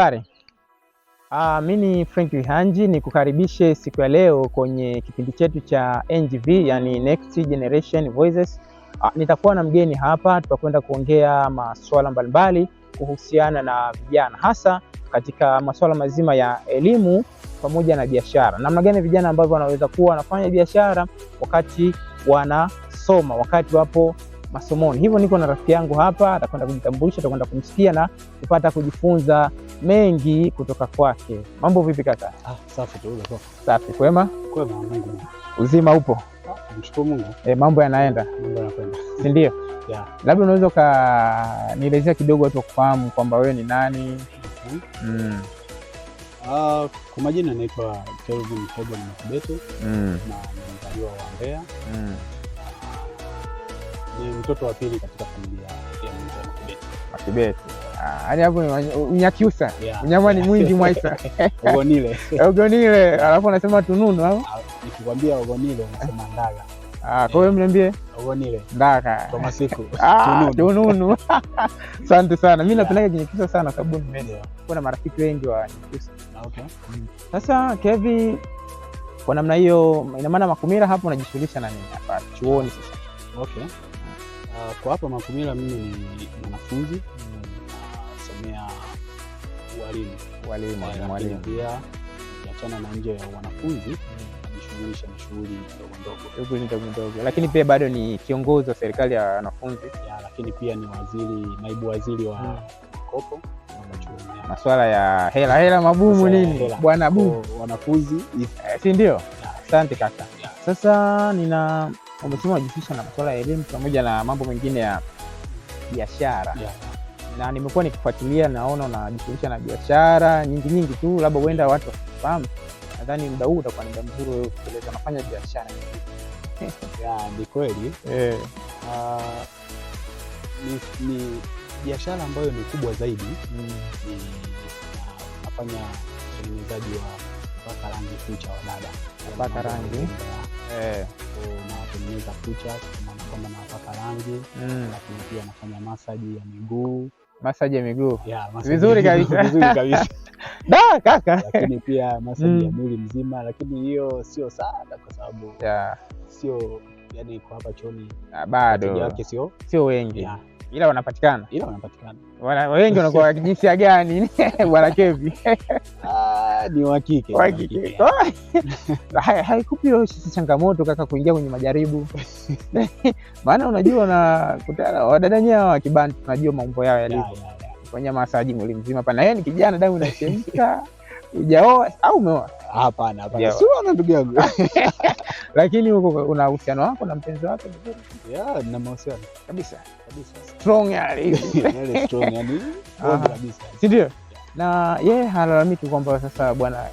Kare. Ah, mimi ni Frank Wihanji nikukaribishe siku ya leo kwenye kipindi chetu cha NGV, yani Next Generation Voices. Ah, nitakuwa na mgeni hapa, tutakwenda kuongea masuala mbalimbali kuhusiana na vijana, hasa katika masuala mazima ya elimu pamoja na biashara, namna gani vijana ambavyo wanaweza kuwa wanafanya biashara wakati wanasoma, wakati wapo masomoni. Hivyo niko na rafiki yangu hapa, atakwenda kujitambulisha, atakwenda kumsikia na kupata kujifunza mengi kutoka kwake. Mambo vipi kaka? Ah, safi tu. Safi, kwema? Kwema, Mungu. Uzima upo? Ah, mshukuru Mungu. E, mambo yanaenda, si ndio? Yeah. Labda unaweza ukanielezea kidogo watu wakufahamu kwamba wewe ni nani? Mhm. mm mm. Uh, kwa majina naitwa Kelvin ni Mkubeto mm. na mzaliwa wa Mbeya mm ni mtoto wa pili katika familia ya Makibete. Ah, yaani hapo Mnyakyusa, mnyama ni mwingi Mwaisa. Ugonile. Ugonile, alafu anasema tununu hapo. Ah, nikikwambia ugonile unasema Ndaga. Ah, kwa hiyo mniambie Ugonile. Ndaga. Kwa masiku. Ah, tununu. Asante sana. Mimi napenda Kinyakyusa sana sababu kuna marafiki wengi wa Kinyakyusa. Ah, okay. Mm. Sasa Kevin, kwa namna hiyo ina maana Makumira hapo unajishughulisha na nini? Hapa chuoni sasa. Okay. Ah, kwa hapa Makumila mimi ni mwanafunzi nasomea ualimu eh, walimu pia, kiachana na nje ya wanafunzi najishughulisha na shughuli ndogo ndogo, lakini pia bado ni kiongozi wa serikali ya wanafunzi, lakini pia ni waziri, naibu waziri wa hmm. mikopo masuala ya hela hela mabumu nini bwana bu wanafunzi, eh, si ndio? Asante kaka. Sasa nina umesema unajihusisha na masuala ya elimu pamoja na mambo mengine ya biashara yeah. Na nimekuwa nikifuatilia, naona unajishughulisha na biashara nyingi nyingi tu, labda huenda watu wasifahamu. Nadhani muda huu utakuwa ni muda mzuri wewe kueleza unafanya biashara ni kweli yeah. Eh. Uh, ni, biashara ambayo ni kubwa zaidi mm. Ni nafanya utengenezaji wa kupaka rangi kucha wa dada kupaka rangi Eh. natengeneza kucha features kwamba nawapaka rangi mm. Lakini pia nafanya masaji ya miguu, masaji ya miguu yeah, vizuri kabisa kaka, lakini pia masaji mm. ya mwili mzima, lakini hiyo sio sana kwa sababu yeah. sio yani kwa hapa choni ah, bado sio wengi yeah ila wanapatikana, ila wanapatikana wengi wanakuwa jinsia gani? Bwana Kevi ah, ni wa kike, wa kike. sisi changamoto kaka, kuingia kwenye majaribu maana unajua na wadada nyao wa Kibantu tunajua mambo yao yalivyo kwenye masaji mwili mzima pana, yeye ni kijana damu inachemka, ujaoa au umeoa? Hapana, hapana, si wana ndugu yangu. Lakini huko una uhusiano wako na mpenzi wako vizuri? Yeah, nina mahusiano kabisa kabisa, strong yani, strong yani kabisa, si ndio? Na yeye halalamiki kwamba sasa bwana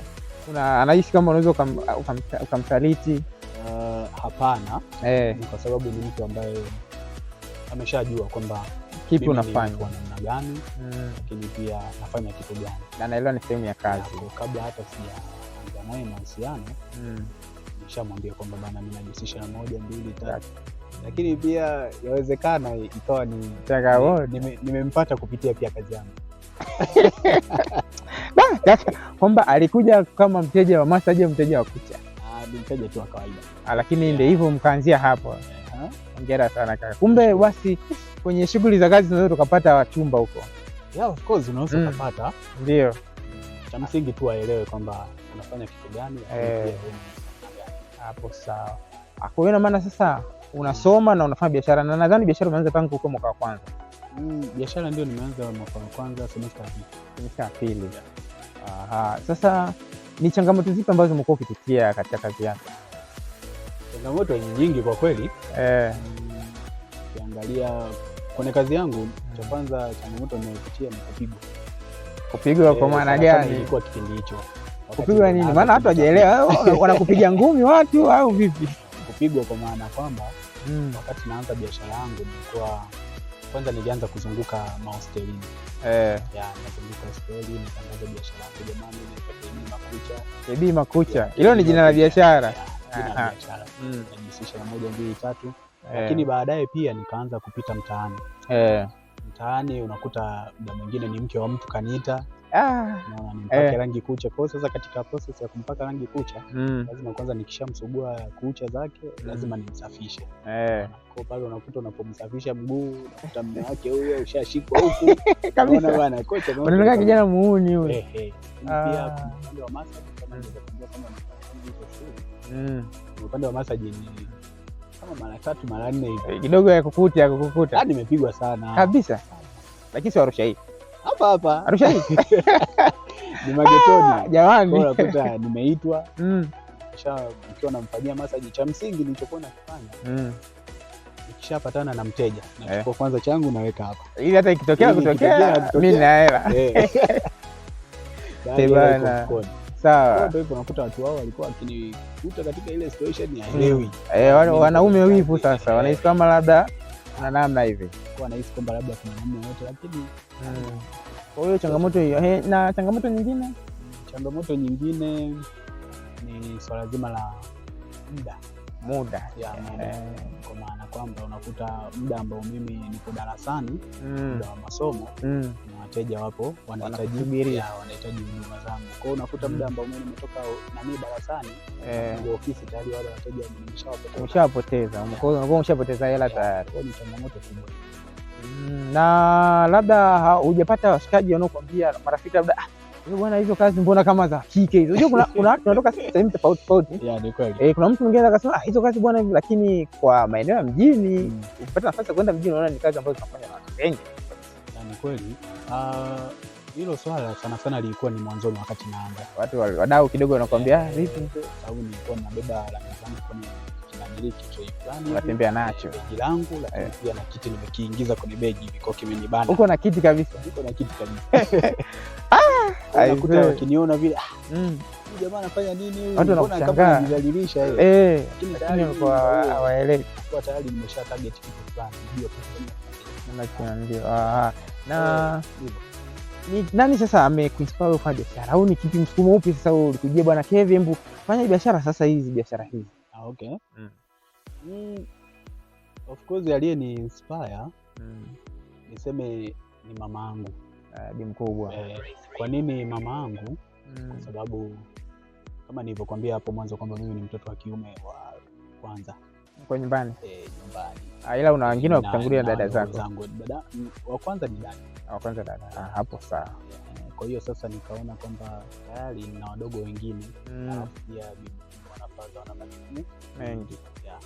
anaishi kama unaweza ukamsaliti? Uh, hapana, eh. kwa sababu ni mtu ambaye ameshajua kwamba kipi unafanya kwa namna gani, mm. lakini pia nafanya kitu gani, na anaelewa ni sehemu ya kazi kabla hata sija kuanza naye mahusiano mm. Nishamwambia kwamba bana, minajihusisha na moja mbili tatu, lakini pia yawezekana ikawa ni nimempata nime kupitia pia kazi yangu kwamba alikuja kama mteja wa masaji au mteja wa kucha? Ah, ni mteja tu wa kawaida, ah, lakini yeah. ndio hivyo, mkaanzia hapo. Hongera sana kaka. Kumbe basi kwenye shughuli za kazi tunaweza tukapata wachumba huko. Yeah, of course unaweza mm. kupata. Ndio cha msingi tu aelewe kwamba unafanya kitu gani eh. hapo. Sawa, ah, kwa hiyo maana sasa unasoma na unafanya biashara, na nadhani biashara umeanza tangu huko mwaka wa kwanza. Mm, biashara ndio nimeanza mwaka wa kwanza semesta ya pili, semesta ya pili. Aha, sasa ni changamoto zipi ambazo umekuwa ukipitia katika kazi yako? Changamoto nyingi kwa kweli eh. Mm, ukiangalia kwenye kazi yangu, cha kwanza changamoto ninayopitia ni kupigwa kupigwa kwa eh, maana gani? Ilikuwa kipindi hicho kupigwa nini? Maana watu hajaelewa, wanakupiga ngumi watu au vipi? Kupigwa kwa maana kwamba mm. wakati naanza biashara yangu nilikuwa kwanza nilianza kuzunguka mahostelini eh. Nazunguka hosteli biashara yangu, jamani, Makucha. Ebi Makucha, hilo ni jina la ah, ah. biashara, najihusisha na moja mbili tatu, eh. lakini baadaye pia nikaanza kupita mtaani eh mtaani, unakuta mda mwingine ni mke wa mtu kaniita Ah, no, nimpake eh, rangi kucha. Kwa sasa katika process ya kumpaka rangi kucha mm, lazima kwanza nikishamsugua kucha zake mm, lazima nimsafishe eh. Kwa pale unakuta unapomsafisha mguu unakuta mme wake huyo ushashikwa huku kabisa bwana kocha, unaona kijana muuni huyo eh. eh. Pia ah. upande wa massage kama ni kwa kama ni kwa mm. upande wa massage ni kama mara tatu mara nne hivi, eh, kidogo ya kukuta ya kukukuta. Yaani nimepigwa sana kabisa, lakini si Arusha hii hapa hapa, Arusha hii ni magetoni ah, jamani, nakuta nimeitwa mm. nikiwa namfanyia masaji. Cha msingi nilichokuwa nakifanya mm. Nikishapatana na mteja nachukua eh, kwanza changu naweka hapa, ili hata ikitokea kutokea mimi na hela eh. yaani sawa. unakuta watu wao walikuwa wakinikuta katika ile situation ya hmm. helewi. Eh, yaani wanaume wivu sasa wanahisi kama labda kuna namna hivi. Wanahisi kwamba labda kuna namna yote lakini hmm. kwa hiyo changamoto hiyo na changamoto nyingine hmm. changamoto nyingine ni swala zima la muda muda ya muda eh. kwa maana kwamba unakuta muda ambao mimi nipo darasani mm, wa masomo mm, na wateja wapo wanahitaji wanahitaji huduma zangu, kwa unakuta mm. muda ambao mimi nimetoka na mimi darasani eh, ofisi tayari wale wateja wameshawapoteza, unakuwa umeshapoteza hela tayari. Ni changamoto kubwa, mm, na labda hujapata washikaji wanaokuambia marafiki labda ah, bwana, hizo kazi mbona kama za kike hizo? Unajua kuna watu wanatoka sehemu tofauti tofauti. Yeah, Eh, kuna mtu mwingine akasema ah, hizo kazi bwana hivi, lakini kwa maeneo ya mjini mm. ukipata nafasi ya kwenda mjini, unaona ni kazi ambazo zinafanya na watu wengi. Ni kweli ah, hilo swala sana sana lilikuwa ni mwanzoni, wakati naanza watu wadau kidogo wanakuambia ah, eh, vipi, sababu nilikuwa nabeba hili kitoi fulani yaani natembea nacho begi langu, lakini eh. pia na kiti nimekiingiza kwenye begi kimenibana. Uko na kiti kabisa? na kiti kabisa. Ah, nakuta wakiniona vile ah, mm. Jamaa anafanya nini? Watu wanakushangaa yeye. Eh, lakini kwa hawaelewi kwa tayari nimesha target kitu fulani, ndio Ah, na eh, ni nani sasa amekuinspire kufanya biashara au ni kipi, msukumo upi sasa ulikujia bwana Kevin, hebu fanya biashara sasa hizi biashara hizi? Ah, okay. Mm. Mm, of course aliye ni inspire mm. Niseme ni mama yangu bi eh, mkubwa eh. Kwa nini mama yangu mm. Kwa sababu kama nilivyokuambia hapo mwanzo kwamba mimi ni mtoto wa kiume wa kwanza kwa nyumbani eh, nyumbani ah, ila una wengine wa kutangulia dada zako zangu. Dada wa kwanza ni dada ah, wa kwanza dada. Ah, hapo sawa eh, kwa hiyo sasa nikaona kwamba tayari nina wadogo wengine mm. alafu pia bibi ambazo wana majukumu mengi yeah.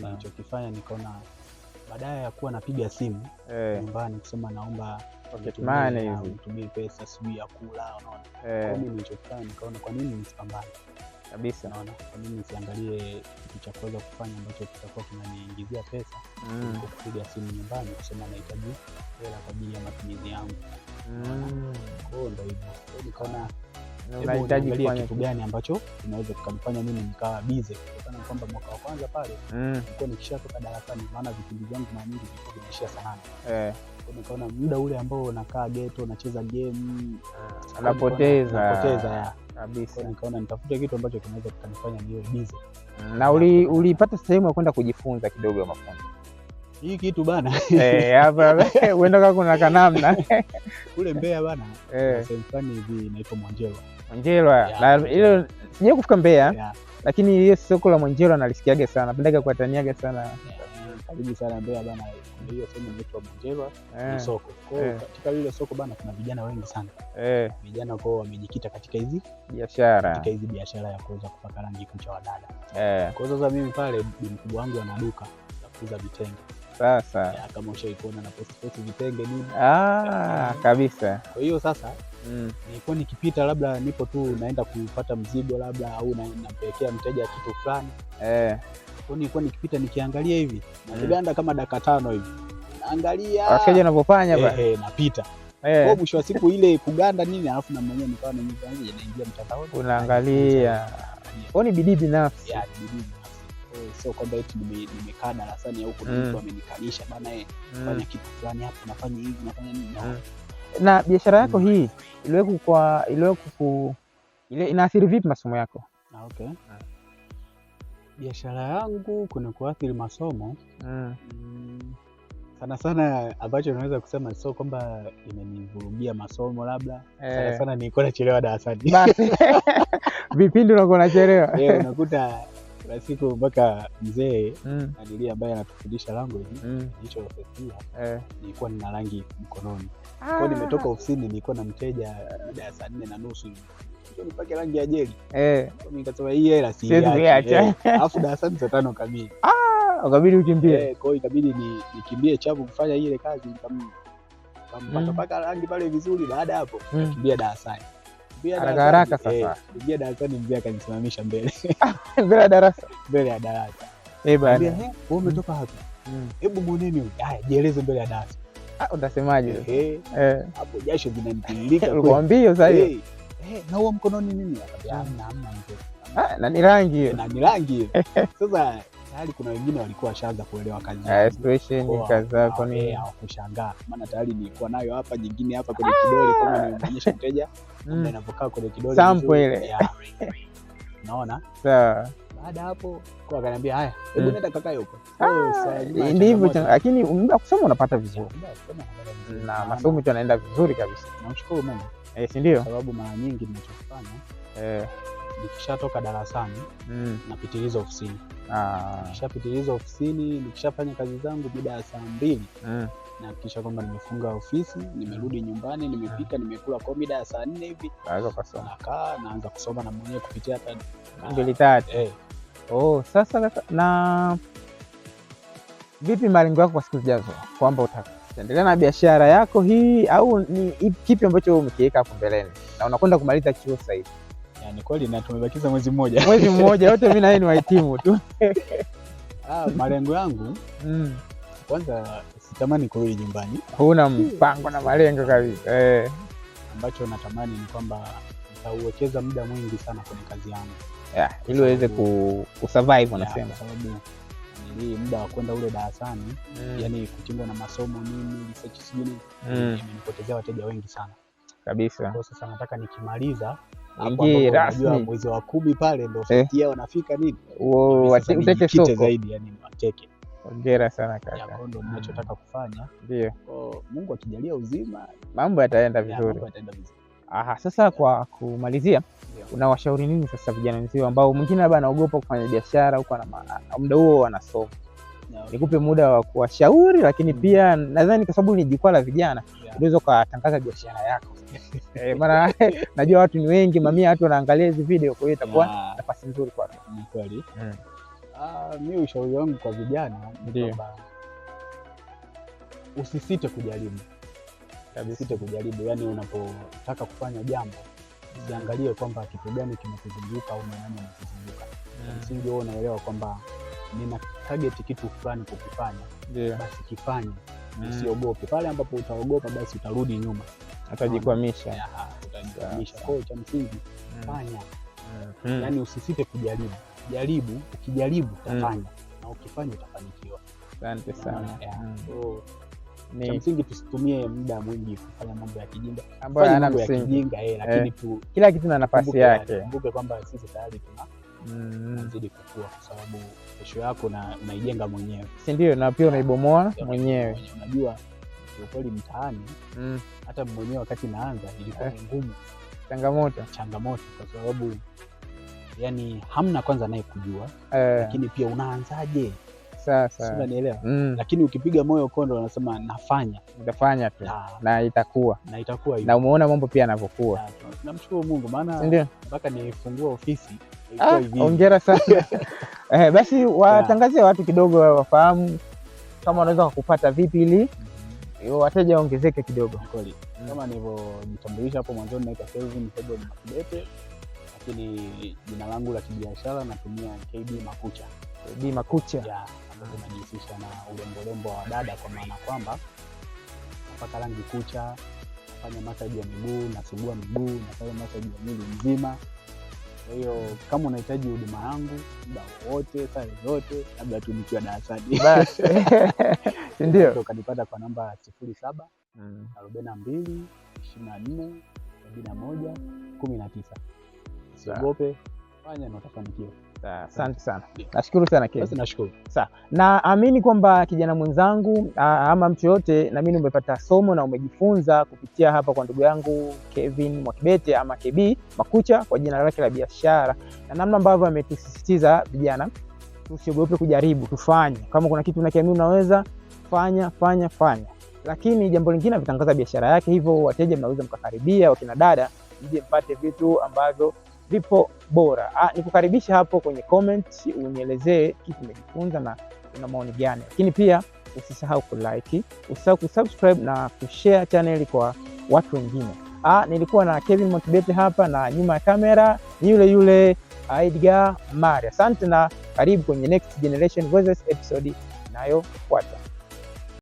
Nilichokifanya nikaona baadaye ya kuwa napiga simu eh. nyumbani hey, kusema naomba tumie pesa sijui ya kula, unaona hey. Eh. Mimi nilichokifanya nikaona kwa nini nisipambane kabisa, naona kwa nini nisiangalie kitu cha kuweza kufanya ambacho kitakuwa kinaniingizia pesa mm, kupiga simu nyumbani kusema nahitaji hela kwa ajili ya matumizi yangu mm. kwao ndo hivo nikaona unahitaji kufanya kitu gani ambacho inaweza kikanifanya mimi nikawa bize, kutokana na kwamba mwaka wa kwanza pale mm. nilikuwa nikishatoka darasani, maana vipindi vyangu mara nyingi vilikuwa vinaishia sanani eh. Nikaona muda ule ambao unakaa geto unacheza game anapoteza ah, anapoteza kabisa, nikaona nitafute kitu ambacho kinaweza kikanifanya niwe bize. Mm, na ulipata uli sehemu ya kwenda kujifunza kidogo ya mafunzo hii kitu bana eh, hapa uenda kuna kanamna kule Mbeya bana, eh. sehemu fulani hivi inaitwa Mwanjelwa Mwanjelwa eh. yeah, la, hilo sijai kufika Mbeya yeah. Lakini hiyo soko la Mwanjelwa nalisikiaga sana, pendaga kuataniaga sana karibu sana Mbeya bana, kuna hiyo sehemu inaitwa Mwanjelwa ni eh. soko. Kwa hiyo eh. katika lile soko bana, kuna vijana wengi sana eh, vijana kwao wamejikita katika hizi biashara, katika hizi biashara ya kuweza kupaka rangi kucha wadada eh. Kwa hiyo sasa mimi pale mkubwa wangu ana duka la kuuza vitenge sasa, kama ushaikuona na post post vitenge nini, ah kabisa. Kwa hiyo sasa mm. nilikuwa nikipita, labda nipo tu naenda kupata mzigo labda au nampelekea mteja kitu fulani eh. Kwa nilikuwa nikipita nikiangalia hivi na mm. kama dakika tano hivi naangalia wakeja anavyofanya eh, eh, napita eh. Kwa mwisho wa siku ile kuganda nini, alafu na mwenyewe nikawa na nyumba inaingia mtandaoni unaangalia kwa ni bidii binafsi ya bidii sio eh, kwamba eti nimekaa darasani au kuna mm. mtu amenikalisha bana, eh mm. fanya kitu fulani hapo, nafanya hivi nafanya nini. Mm. Na biashara yako hii iliwahi ku ile inaathiri vipi masomo yako? Ah, okay. Biashara yangu kuna kuathiri masomo mm. mm. Sana sana ambacho naweza kusema sio kwamba imenivurugia masomo, labda eh. Sana sana nilikuwa nachelewa darasani vipindi unakuwa nachelewa yeah, unakuta la siku mpaka mzee mm. anilia ambaye anatufundisha language mm. hicho eh. nilikuwa nina rangi mkononi kwa ah. nimetoka ofisini, nilikuwa na mteja mida ya saa nne na nusu nipake rangi ya jeli eh, nikasema hii hela siiacha, eh. alafu darasani saa tano kamili ukabidi ah, ukimbie. Eh, kwa ikabidi nikimbie chapu kufanya ile kazi, kampakapaka mm. rangi pale vizuri. Baada hapo mm. kimbia darasani haraka haraka. Eh, sasa darasani, mzee akanisimamisha mbele mbele ya darasa, mbele ya darasa. Eh bana, wewe umetoka mm. hebu haya jieleze mbele ya darasa Ah, utasemaje eh. hapo? Jasho linamtiririka kwa mbio sasa hivi. Na huo mkononi nini? Hmm. Hamna, amna mzee, ah, na ni rangi na ni rangi. Sasa tayari kuna wengine walikuwa washaanza kuelewa kazi ah, ya situation kaza, kwa nini eh, hawakushangaa? Maana tayari nilikuwa nayo hapa, nyingine hapa kwenye kidole, kama nimeonyesha mteja ndio hmm. inapokaa kwenye kidole, sample ile, naona sawa baada hapo kwa akaniambia haya, hebu hmm. nenda kakae huko. Ah, oh, Ndivyo, lakini muda kusoma unapata vizuri na masomo tu vizuri kabisa. Namshukuru Mungu, eh, si ndio? Sababu mara nyingi ninachofanya eh, nikishatoka darasani mm, napitiliza ofisini. Ah, nikishapitiliza ofisini, nikishafanya kazi zangu mida ya saa mbili mm nahakikisha kwamba nimefunga ofisi, nimerudi hmm. nyumbani, nimepika, hmm. nimekula kwa mida ya saa nne hivi, nakaa naanza kusoma na mwenyewe kupitia hata mbili tatu eh. Oh, sasa na vipi malengo yako kwa siku zijazo, kwamba utaendelea na biashara yako hii au ni kipi ambacho umekiweka hapo mbeleni na unakwenda kumaliza chuo sasa hivi? Ni kweli na tumebakiza mwezi mmoja mwezi mmoja wote mimi na yeye ni wahitimu tu. Ah, malengo yangu mm. Kwanza sitamani kurudi nyumbani. Huna mpango na malengo kabisa eh? Ambacho natamani ni kwamba nitauwekeza muda mwingi sana kwenye kazi yangu ili uweze ku, kusurvive wanasema sababu hii muda wa kwenda ule darasani mm. yani kutingwa na masomo nini research sijui mm. wateja wengi sana kabisa. Kwa sasa nataka nikimaliza ingie rasmi mwezi wa kumi pale ndio eh. wanafika nafika nini uteke soko zaidi yani wateke ongera sana kaka. Ndio mm. ninachotaka kufanya. Ndio. Mungu akijalia uzima, mambo yataenda vizuri. Mambo yataenda vizuri. Aha, sasa kwa kumalizia yeah. Unawashauri nini sasa vijana wenzio ambao mwingine labda anaogopa kufanya biashara huko na muda huo anasoma yeah. Nikupe muda wa kuwashauri lakini mm. pia nadhani kwa sababu ni jukwaa la vijana yeah. Unaweza ukatangaza biashara yako eh, maana najua watu ni wengi, mamia watu wanaangalia hizi video, kwa hiyo itakuwa yeah. nafasi nzuri kwa Ni kweli mm. Ah, mi ushauri wangu kwa vijana kwamba usisite kujaribu kabisa kujaribu. Yani unapotaka kufanya jambo usiangalie kwamba kitu gani kinakuzunguka au nani amekuzunguka. Msingi wewe unaelewa kwamba nina target kitu fulani kukifanya, yeah. Basi kifanye, usiogope. Mm. Pale ambapo utaogopa, basi utarudi nyuma, utajikwamisha, utajikwamisha. Kwa hiyo cha msingi mm. fanya, mm. yani usisite kujaribu. Jaribu, ukijaribu utafanya, na ukifanya utafanikiwa. Asante sana ni cha msingi tusitumie muda mwingi kufanya mambo ya kijinga ambayo msingi, eh, lakini eh. tu kila kitu na nafasi yake. Kumbuke kwamba sisi tayari tuna nazidi mm. kukua kwa sababu kesho yako na unaijenga mwenyewe, si ndio? Na pia unaibomoa mwenyewe. Unajua kiukweli mtaani mm. hata mwenyewe wakati naanza ilikuwa ni eh. ngumu, changamoto changamoto kwa sababu yani hamna kwanza naye kujua lakini pia unaanzaje sasa, mm. Lakini ukipiga moyo kondo, wanasema nafanya, utafanya tu na, na itakuwa na itakuwa hivyo, na umeona mambo pia yanavyokuwa. Namshukuru Mungu, maana mpaka nilifungua ofisi. Ah, hongera ah, sana eh, basi watangazie watu kidogo wafahamu kama wanaweza kupata vipi ili mhm. wateja waongezeke kidogo. Kweli kama nilivyojitambulisha hapo mwanzoni, naitwa Kelvin Mtego Makidete, lakini jina langu la kibiashara natumia KB Makucha. Bima Kucha zinajihusisha na urembolembo wa dada, kwa maana kwamba napaka rangi kucha, nafanya masaji ya miguu, nasugua miguu, nafanya masaji ya mwili mzima. Kwa hiyo kama unahitaji huduma yangu muda wowote, saa yoyote, labda tu nikiwa darasani, ndio ukanipata kwa namba sifuri saba mm. arobaini na mbili ishirini na nne sabini na moja kumi na tisa. Usiogope, fanya na utafanikiwa. Asante sana, nashukuru sana Basi nashukuru. Sawa, naamini kwamba kijana mwenzangu ama mtu yoyote, na mimi umepata somo na umejifunza kupitia hapa kwa ndugu yangu Kevin Mwakibete ama KB Makucha kwa jina lake la biashara, na namna ambavyo ametusisitiza vijana tusiogope kujaribu, tufanye. Kama kuna kitu unakiamini unaweza fanya, fanya, fanya. Lakini jambo lingine, ametangaza biashara yake, hivyo wateja mnaweza mkakaribia, wakina dada, mje mpate vitu ambavyo vipo bora. Ah, nikukaribisha hapo kwenye comment unielezee kitu umejifunza na una maoni gani, lakini pia usisahau kulike, usisahau kusubscribe na kushare chaneli kwa watu wengine. Ah, nilikuwa na Kevin Motibete hapa na nyuma ya kamera ni yule yule Edgar Mari. Asante na karibu kwenye Next Generation Voices episode inayofuata.